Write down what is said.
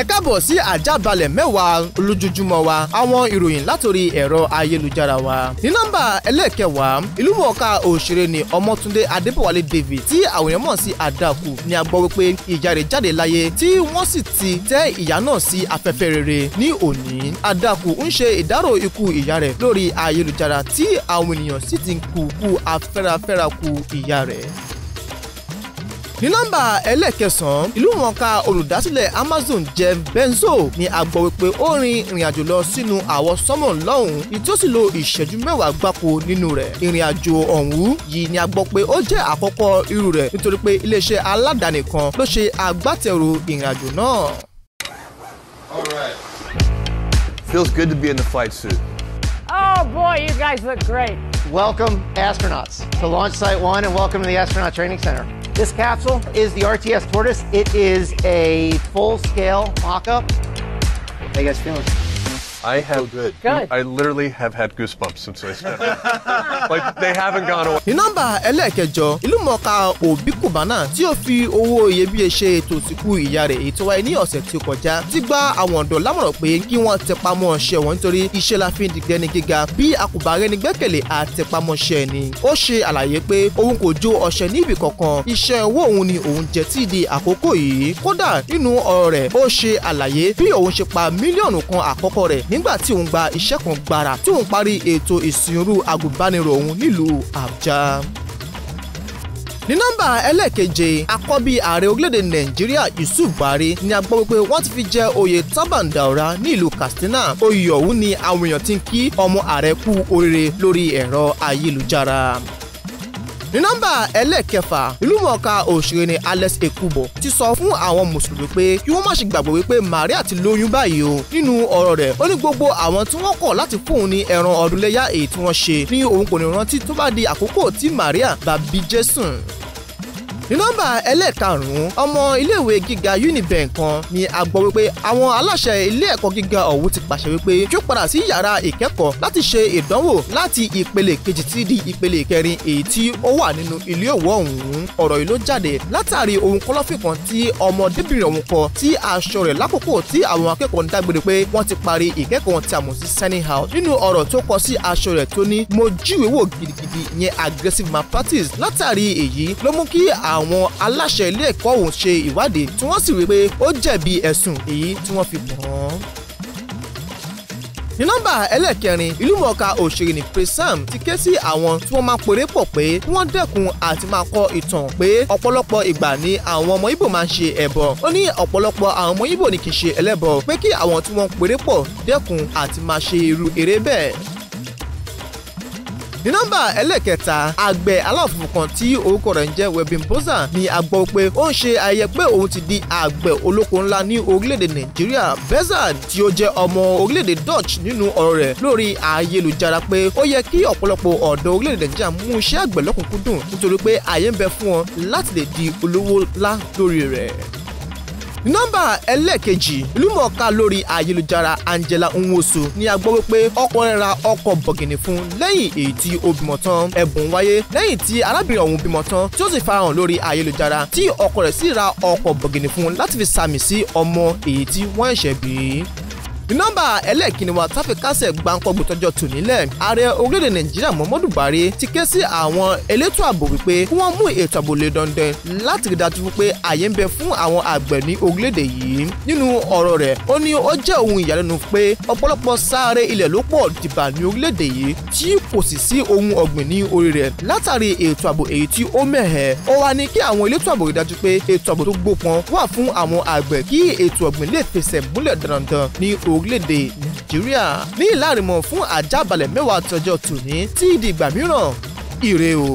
ẹ káàbọ̀ sí àjábalẹ̀ mẹ́wàá olójoojúmọ́ wa àwọn ìròyìn látòrí ẹ̀rọ ayélujára wa. ní nọ́mbà ẹlẹ́ẹ̀kẹwàá ìlúmọ̀ọ́ká òṣèré ni ọmọtúndé adébọ̀wálé david tí àwọn mọ̀ sí àdàkù ni a gbọ́ wípé ìyá rẹ̀ jáde láyé tí wọ́n sì ti tẹ́ ìyá náà sí afẹ́fẹ́ rere ní òní àdàkù ń ṣe ìdárò ikú ìyá rẹ̀ lórí ayélujára tí àwọn ènìyàn sì ti kú kú afẹ́rafẹ́ra kú ìyá rẹ̀ ní nọ́mbà ẹlẹ́ẹ̀kẹsàn-án ìlúmọ̀ọ́ká olùdásílẹ̀ Amazon Jeff Benzo ni a gbọ́ wípé ó rin ìrìnàjò lọ sínú àwọ̀ sọ́mọ̀ lọ́hùn-ún tí ó sì lo ìṣẹ́jú mẹ́wàá gbáko nínú rẹ̀ ìrìnàjò ọ̀hún yìí ni a gbọ́ pé ó jẹ́ àkọ́kọ́ irú rẹ̀ nítorí pé iléeṣẹ́ aládàáni kan ló ṣe agbátẹrù ìrìnàjò náà. Feels good to be in the flight suit. Oh boy, you guys look great. Welcome, astronauts, to Launch Site One and welcome to the Astronaut Training Center. This capsule is the RTS Tortoise. It is a full-scale mock-up. How you guys feeling? I have so good. good. I literally have had goosebumps since I said it. like they haven't gone away. ní nọ́mbà ẹlẹ́ẹ̀kẹjọ ìlúmọ̀ọ́ká Obi Cubana tí ó fi owó iyebíye ṣe ètò ìsìnkú ìyá rẹ̀ èyí tó wáyé ní ọ̀sẹ̀ tí ó kọjá ti gba àwọn ọ̀dọ́ lámọ̀ràn pé kí wọ́n tẹpamọ́ ọ̀ṣẹ́ wọn nítorí iṣẹ́ la fi ń dìgbẹ́ ni gíga bí àkùbárẹ́ ni gbẹ́kẹ̀lé àtẹpamọ́ṣẹ́ ni. ó ṣe àlàyé pé òun kò jó ọ̀ṣẹ́ ní kankan iṣẹ́ owó òun ni òun jẹ tí di àkókò yìí kódà nínú ọ̀rọ̀ rẹ̀ ó ṣe àlàyé bí òun ṣe pa mílíọ̀nù kan àkọ́kọ́ rẹ̀ ní nígbà tí òun gba iṣẹ́ kan gbàrà tí òun parí ètò ìsìnrú agùnbánirọ̀ òun nílùú Àbújá ní nọ́mbà ẹlẹ́ẹ̀keje akọ́bí ààrẹ orílẹ̀-èdè nàìjíríà yusuf buhari ni a gbọ́ wípé wọ́n ti fi jẹ oyè turban daura ní ìlú katsina oyè ọ̀hún ni àwọn èèyàn ti ń kí ọmọ ààrẹ kú oríire lórí ẹ̀rọ ayélujára ní nọ́mbà ẹlẹ́ẹ̀kẹfà ìlúmọ̀ọ́ká òṣèré ni Alex Ekubo ti sọ fún àwọn mùsùlùmí pé kí wọ́n má ṣe gbàgbọ́ wípé Maria ti lóyún báyìí o nínú ọ̀rọ̀ rẹ̀ ó ní gbogbo àwọn tí wọ́n kọ̀ láti fóun ní ẹran ọdún léyà èyí tí wọ́n ṣe ní òun kò ní rántí tó bá di àkókò tí Maria bá bí Jésù ní nọ́mbà ẹlẹ́ẹ̀karùn-ún ọmọ iléèwé gíga unibank kan ni a gbọ́ wípé àwọn aláṣẹ ilé ẹ̀kọ́ gíga ọ̀hún ti pàṣẹ wípé kí ó padà sí yàrá ìkẹ́kọ̀ọ́ láti ṣe ìdánwò láti ìpele kejì tí di ìpele kẹrin èyí tí ó wà nínú ilé òwò ọ̀hún ọ̀rọ̀ yìí ló jáde látàrí ohun kọ̀lọ̀fín kan tí ọmọdébìnrin ọ̀hún kọ tí aṣọ rẹ̀ lákòókò tí àwọn akẹ́kọ̀ọ́ ń dágbére pé wọ́n ti parí ìkẹ́kọ̀ọ́ tí a mọ̀ sí signing out nínú ọ̀rọ̀ tó kọ sí aṣọ rẹ̀ tó ní mo jíwèé wò gidigidi yẹn aggressive malpractice látàrí èyí ló mú àwọn aláṣẹ ilé ẹ̀kọ́ ọ̀hún ṣe ìwádìí tí wọ́n sì rí i pé ó jẹ̀bi ẹ̀sùn èyí tí wọ́n fi kàn án ní nọ́mbà ẹlẹ́kẹrin ìlúmọ̀ọ́ká òṣèré ní Prisam ti ké sí àwọn tí wọ́n máa péré pọ̀ pé kí wọ́n dẹ́kun àti máa kọ ìtàn pé ọ̀pọ̀lọpọ̀ ìgbà ni àwọn ọmọ Ìgbò máa ń ṣe ẹbọ ó ní ọ̀pọ̀lọpọ̀ àwọn ọmọ Ìgbò ní kì í ṣe ẹlẹ́bọ pé kí àwọn tí wọ́n péré pọ̀ dẹ́kun àti máa ṣe irú eré bẹ́ẹ̀ ní nọ́mbà ẹlẹ́kẹta àgbẹ̀ aláfòfò kan tí orúkọ rẹ̀ ń jẹ́ Webin Boza ni a gbọ́ pé ó ń ṣe ayẹyẹ pé òun ti di àgbẹ̀ olóko ńlá ní orílẹ̀-èdè Nàìjíríà Beza tí ó jẹ́ ọmọ orílẹ̀-èdè Dutch nínú ọ̀rọ̀ rẹ̀ lórí ayélujára pé ó yẹ kí ọ̀pọ̀lọpọ̀ ọ̀dọ́ orílẹ̀-èdè Nàìjíríà mú iṣẹ́ àgbẹ̀ lọ́kùnkúndùn nítorí pé àyè ń bẹ fún wọn láti lè di olówó ńlá lórí rẹ̀ nọ́mbà ẹlẹ́ẹ̀kejì ìlúmọ̀ọ́ká lórí ayélujára Angela Nwosu ni a gbọ́ wípé ọkùnrin ra ọkọ̀ bọ̀gìnì fún lẹ́yìn èyí tí ó bímọ tán ẹ̀bùn wáyé lẹ́yìn tí arábìnrin ọ̀hún bímọ tán tí ó sì farahàn lórí ayélujára tí ọkọ rẹ̀ sì ra ọkọ̀ bọ̀gìnì fún láti fi sàmì sí ọmọ èyí tí wọ́n ṣẹ̀ bí ní nọ́mbà ẹlẹ́ẹ̀kínní wa tá fi kásẹ̀ gbáǹkọ́gbò tọjọ́ tò nílẹ̀ ààrẹ orílẹ̀-èdè nàìjíríà muhammadu buhari ti ké sí àwọn elétò ààbò wípé kí wọ́n mú ètò ààbò le dandan láti rí dájú wípé àyè ń bẹ fún àwọn àgbẹ̀ ní orílẹ̀-èdè yìí nínú ọ̀rọ̀ rẹ̀ ó ní ó jẹ́ ohun ìyàlẹ́nu pé ọ̀pọ̀lọpọ̀ sáré ilẹ̀ ló pọ̀ dìbà ní orílẹ̀-èdè yìí tí kò sì sí ohun ọ̀gbìn ní orí rẹ̀ látàrí ètò ààbò èyí tí ó mẹ̀hẹ́ ó wá ní kí àwọn elétò ààbò rí dájú pé ètò ààbò tó gbópọn wà fún àwọn àgbẹ̀ kí ètò o orílẹ̀-èdè nàìjíríà ní ìlàrímọ̀ fún àjábalẹ̀ mẹ́wàá tọjọ́ tòní tí ìdìgbà mìíràn ire o.